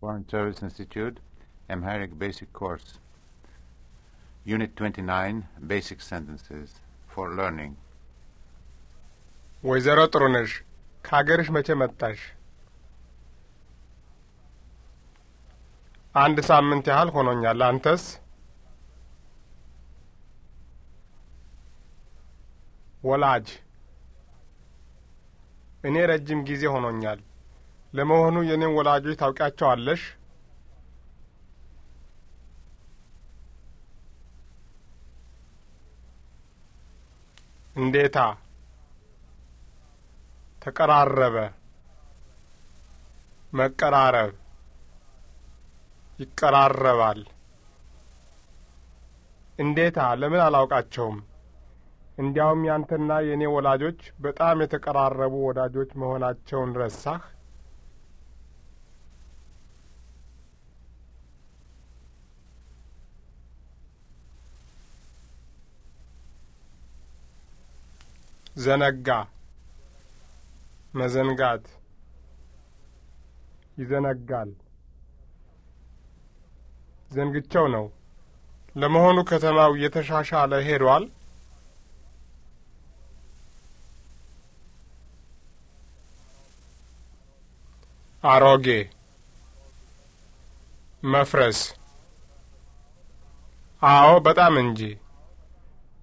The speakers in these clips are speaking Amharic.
Foreign Service Institute, Amharic Basic Course, Unit 29, Basic Sentences for Learning. ወይዘሮ ጥሩነሽ ከሀገርሽ መቼ መጣሽ? አንድ ሳምንት ያህል ሆኖኛል። አንተስ? ወላጅ እኔ ረጅም ጊዜ ሆኖኛል። ለመሆኑ የእኔን ወላጆች ታውቂያቸዋለሽ? እንዴታ፣ ተቀራረበ፣ መቀራረብ፣ ይቀራረባል። እንዴታ፣ ለምን አላውቃቸውም? እንዲያውም ያንተና የእኔ ወላጆች በጣም የተቀራረቡ ወዳጆች መሆናቸውን ረሳህ? ዘነጋ፣ መዘንጋት፣ ይዘነጋል። ዘንግቸው ነው። ለመሆኑ ከተማው እየተሻሻለ ሄዷል? አሮጌ፣ መፍረስ። አዎ፣ በጣም እንጂ።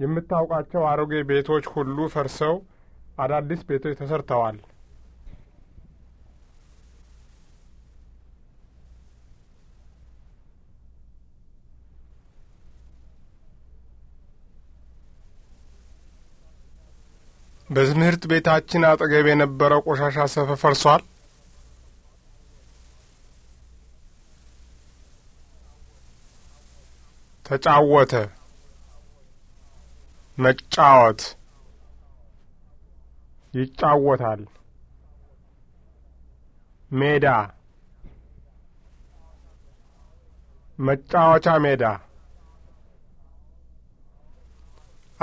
የምታውቃቸው አሮጌ ቤቶች ሁሉ ፈርሰው አዳዲስ ቤቶች ተሰርተዋል። በትምህርት ቤታችን አጠገብ የነበረው ቆሻሻ ሰፈ ፈርሷል። ተጫወተ መጫወት ይጫወታል። ሜዳ መጫወቻ ሜዳ።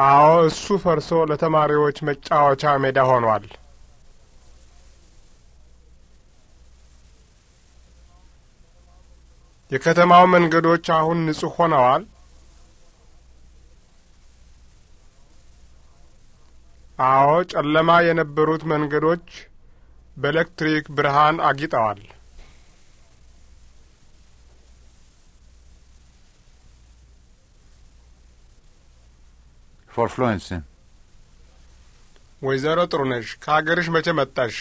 አዎ፣ እሱ ፈርሶ ለተማሪዎች መጫወቻ ሜዳ ሆኗል። የከተማው መንገዶች አሁን ንጹሕ ሆነዋል? አዎ ጨለማ የነበሩት መንገዶች በኤሌክትሪክ ብርሃን አጊጠዋል። ፎር ጥሩ ወይዘሮ ጥሩነሽ ከሀገርሽ መቼ መጣሽ?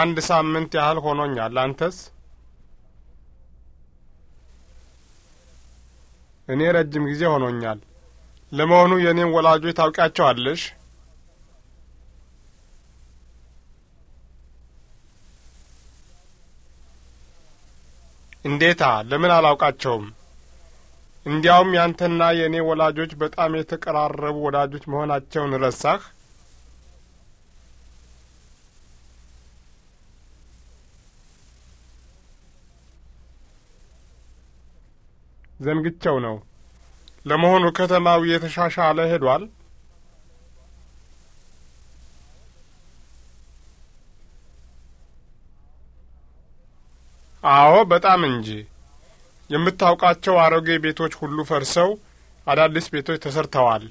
አንድ ሳምንት ያህል ሆኖኛል። አንተስ? እኔ ረጅም ጊዜ ሆኖኛል። ለመሆኑ የእኔም ወላጆች ታውቂያቸዋለሽ? እንዴታ፣ ለምን አላውቃቸውም? እንዲያውም ያንተና የእኔ ወላጆች በጣም የተቀራረቡ ወዳጆች መሆናቸውን ረሳህ? ዘንግቸው ነው። ለመሆኑ ከተማው የተሻሻለ ሄዷል? አዎ፣ በጣም እንጂ። የምታውቃቸው አሮጌ ቤቶች ሁሉ ፈርሰው አዳዲስ ቤቶች ተሰርተዋል።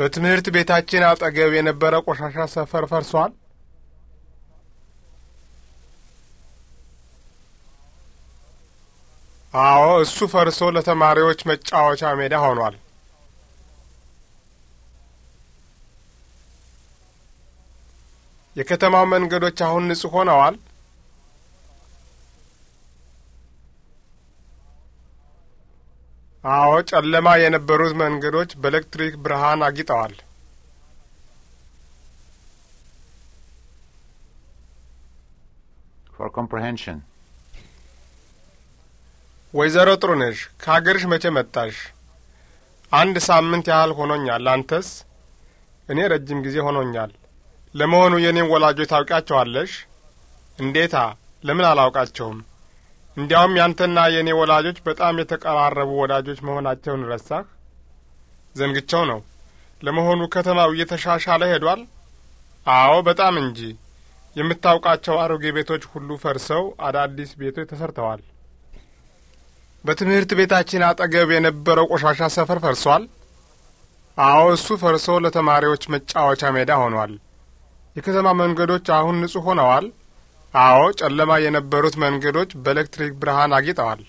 በትምህርት ቤታችን አጠገብ የነበረ ቆሻሻ ሰፈር ፈርሷል። አዎ፣ እሱ ፈርሶ ለተማሪዎች መጫወቻ ሜዳ ሆኗል። የከተማው መንገዶች አሁን ንጹህ ሆነዋል። አዎ፣ ጨለማ የነበሩት መንገዶች በኤሌክትሪክ ብርሃን አጊጠዋል። For comprehension. ወይዘሮ ጥሩነሽ ከአገርሽ መቼ መጣሽ? አንድ ሳምንት ያህል ሆኖኛል። አንተስ? እኔ ረጅም ጊዜ ሆኖኛል። ለመሆኑ የእኔን ወላጆች ታውቂያቸዋለሽ? እንዴታ፣ ለምን አላውቃቸውም? እንዲያውም ያንተና የእኔ ወላጆች በጣም የተቀራረቡ ወዳጆች መሆናቸውን ረሳህ? ዘንግቸው ነው። ለመሆኑ ከተማው እየተሻሻለ ሄዷል? አዎ፣ በጣም እንጂ። የምታውቃቸው አሮጌ ቤቶች ሁሉ ፈርሰው አዳዲስ ቤቶች ተሰርተዋል። በትምህርት ቤታችን አጠገብ የነበረው ቆሻሻ ሰፈር ፈርሷል። አዎ፣ እሱ ፈርሶ ለተማሪዎች መጫወቻ ሜዳ ሆኗል። የከተማ መንገዶች አሁን ንጹህ ሆነዋል። አዎ፣ ጨለማ የነበሩት መንገዶች በኤሌክትሪክ ብርሃን አጊጠዋል።